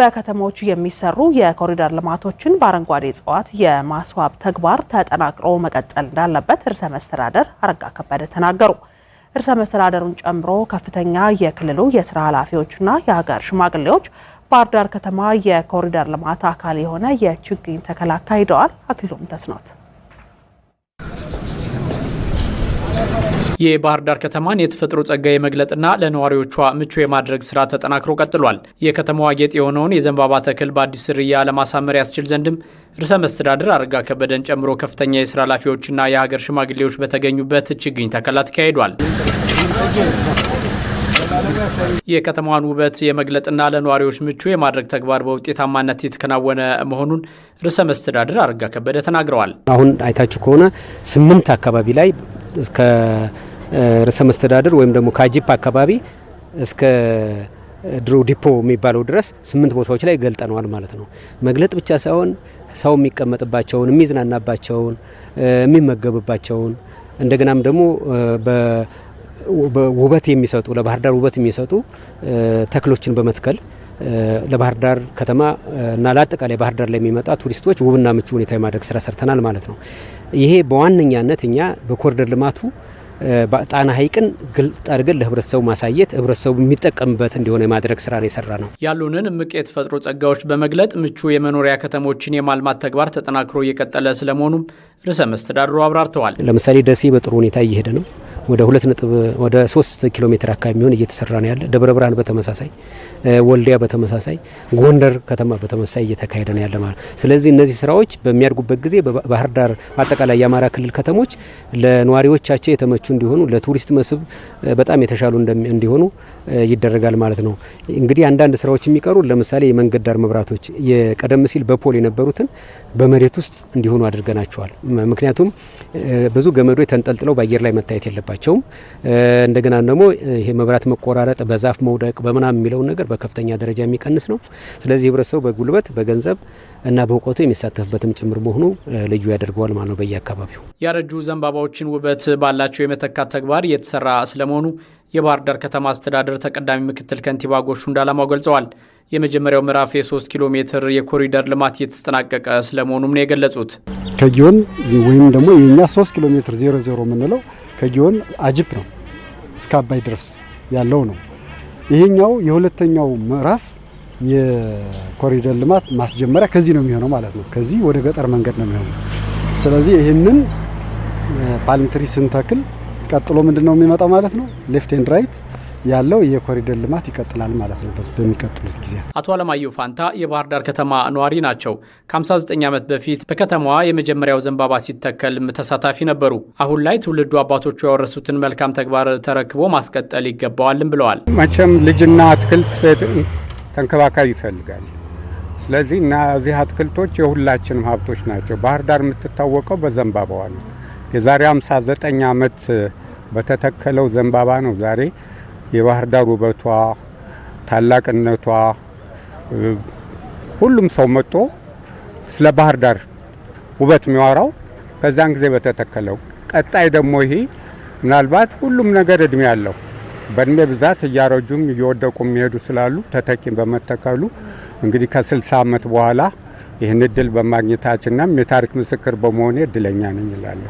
በከተሞቹ የሚሰሩ የኮሪደር ልማቶችን በአረንጓዴ እጽዋት የማስዋብ ተግባር ተጠናክሮ መቀጠል እንዳለበት ርዕሰ መስተዳደር አረጋ ከበደ ተናገሩ። ርዕሰ መስተዳደሩን ጨምሮ ከፍተኛ የክልሉ የስራ ኃላፊዎችና የሀገር ሽማግሌዎች ባህር ዳር ከተማ የኮሪደር ልማት አካል የሆነ የችግኝ ተከላ አካሂደዋል። አክሊሉም ተስኖት የባህር ዳር ከተማን የተፈጥሮ ጸጋ የመግለጥና ለነዋሪዎቿ ምቹ የማድረግ ስራ ተጠናክሮ ቀጥሏል። የከተማዋ ጌጥ የሆነውን የዘንባባ ተክል በአዲስ ዝርያ ለማሳመር ያስችል ዘንድም ርዕሰ መስተዳድር አረጋ ከበደን ጨምሮ ከፍተኛ የስራ ኃላፊዎችና የሀገር ሽማግሌዎች በተገኙበት ችግኝ ተከላ ተካሂዷል። የከተማዋን ውበት የመግለጥና ለነዋሪዎች ምቹ የማድረግ ተግባር በውጤታማነት የተከናወነ መሆኑን ርዕሰ መስተዳድር አረጋ ከበደ ተናግረዋል። አሁን አይታችሁ ከሆነ ስምንት አካባቢ ላይ እስከ ርዕሰ መስተዳድር ወይም ደግሞ ከአጂፕ አካባቢ እስከ ድሮ ዲፖ የሚባለው ድረስ ስምንት ቦታዎች ላይ ገልጠነዋል ማለት ነው። መግለጥ ብቻ ሳይሆን ሰው የሚቀመጥባቸውን፣ የሚዝናናባቸውን፣ የሚመገብባቸውን እንደገናም ደግሞ ውበት የሚሰጡ ለባህር ዳር ውበት የሚሰጡ ተክሎችን በመትከል ለባህር ዳር ከተማ እና ለአጠቃላይ ባህር ዳር ለሚመጣ ቱሪስቶች ውብና ምቹ ሁኔታ የማድረግ ስራ ሰርተናል ማለት ነው። ይሄ በዋነኛነት እኛ በኮሪደር ልማቱ ጣና ሐይቅን ግልጥ አድርገን ለህብረተሰቡ ማሳየት ህብረተሰቡ የሚጠቀምበት እንዲሆነ የማድረግ ስራ ነው የሰራ ነው። ያሉንን እምቅ የተፈጥሮ ጸጋዎች በመግለጥ ምቹ የመኖሪያ ከተሞችን የማልማት ተግባር ተጠናክሮ እየቀጠለ ስለመሆኑም ርዕሰ መስተዳድሩ አብራርተዋል። ለምሳሌ ደሴ በጥሩ ሁኔታ እየሄደ ነው። ወደ ሁለት ነጥብ ወደ ሶስት ኪሎ ሜትር አካባቢ የሚሆን እየተሰራ ነው ያለ። ደብረ ብርሃን በተመሳሳይ ወልዲያ በተመሳሳይ ጎንደር ከተማ በተመሳሳይ እየተካሄደ ነው ያለ ማለት። ስለዚህ እነዚህ ስራዎች በሚያድጉበት ጊዜ በባህር ዳር አጠቃላይ የአማራ ክልል ከተሞች ለነዋሪዎቻቸው የተመቹ እንዲሆኑ፣ ለቱሪስት መስህብ በጣም የተሻሉ እንዲሆኑ ይደረጋል ማለት ነው። እንግዲህ አንዳንድ ስራዎች የሚቀሩ ለምሳሌ የመንገድ ዳር መብራቶች የቀደም ሲል በፖል የነበሩትን በመሬት ውስጥ እንዲሆኑ አድርገናቸዋል። ምክንያቱም ብዙ ገመዶች ተንጠልጥለው በአየር ላይ መታየት የለባቸውም። እንደገና ደግሞ ይሄ መብራት መቆራረጥ፣ በዛፍ መውደቅ፣ በምናም የሚለውን ነገር በከፍተኛ ደረጃ የሚቀንስ ነው። ስለዚህ ህብረተሰቡ በጉልበት በገንዘብ እና በእውቀቱ የሚሳተፍበትም ጭምር መሆኑ ልዩ ያደርገዋል ማለት ነው። በየአካባቢው ያረጁ ዘንባባዎችን ውበት ባላቸው የመተካት ተግባር እየተሰራ ስለመሆኑ የባህር ዳር ከተማ አስተዳደር ተቀዳሚ ምክትል ከንቲባ ጎሹ እንዳላማው ገልጸዋል። የመጀመሪያው ምዕራፍ የሶስት ኪሎ ሜትር የኮሪደር ልማት እየተጠናቀቀ ስለመሆኑም ነው የገለጹት። ከጊዮን ወይም ደግሞ የእኛ 3 ኪሎ ሜትር ዜሮ የምንለው ከጊዮን አጅፕ ነው እስከ አባይ ድረስ ያለው ነው። ይሄኛው የሁለተኛው ምዕራፍ የኮሪደር ልማት ማስጀመሪያ ከዚህ ነው የሚሆነው ማለት ነው። ከዚህ ወደ ገጠር መንገድ ነው የሚሆነው። ስለዚህ ይህንን ፓልም ስንተክል ቀጥሎ ምንድነው የሚመጣው ማለት ነው ሌፍት ኤንድ ራይት ያለው የኮሪደር ልማት ይቀጥላል ማለት ነው በሚቀጥሉት ጊዜያት። አቶ አለማየሁ ፋንታ የባህር ዳር ከተማ ነዋሪ ናቸው። ከ59 ዓመት በፊት በከተማዋ የመጀመሪያው ዘንባባ ሲተከልም ተሳታፊ ነበሩ። አሁን ላይ ትውልዱ አባቶቹ ያወረሱትን መልካም ተግባር ተረክቦ ማስቀጠል ይገባዋልም ብለዋል። መቼም ልጅና አትክልት ተንከባካቢ ይፈልጋል። ስለዚህ እነዚህ አትክልቶች የሁላችንም ሀብቶች ናቸው። ባህር ዳር የምትታወቀው በዘንባባዋ ነው። የዛሬ 59 ዓመት በተተከለው ዘንባባ ነው ዛሬ የባህር ዳር ውበቷ፣ ታላቅነቷ ሁሉም ሰው መጥቶ ስለ ባህር ዳር ውበት የሚያወራው በዛን ጊዜ በተተከለው። ቀጣይ ደግሞ ይሄ ምናልባት ሁሉም ነገር እድሜ ያለው በእድሜ ብዛት እያረጁም እየወደቁ የሚሄዱ ስላሉ ተተኪን በመተከሉ እንግዲህ ከ60 ዓመት በኋላ ይህን እድል በማግኘታችንና የታሪክ ምስክር በመሆኔ እድለኛ ነኝ ይላለሁ።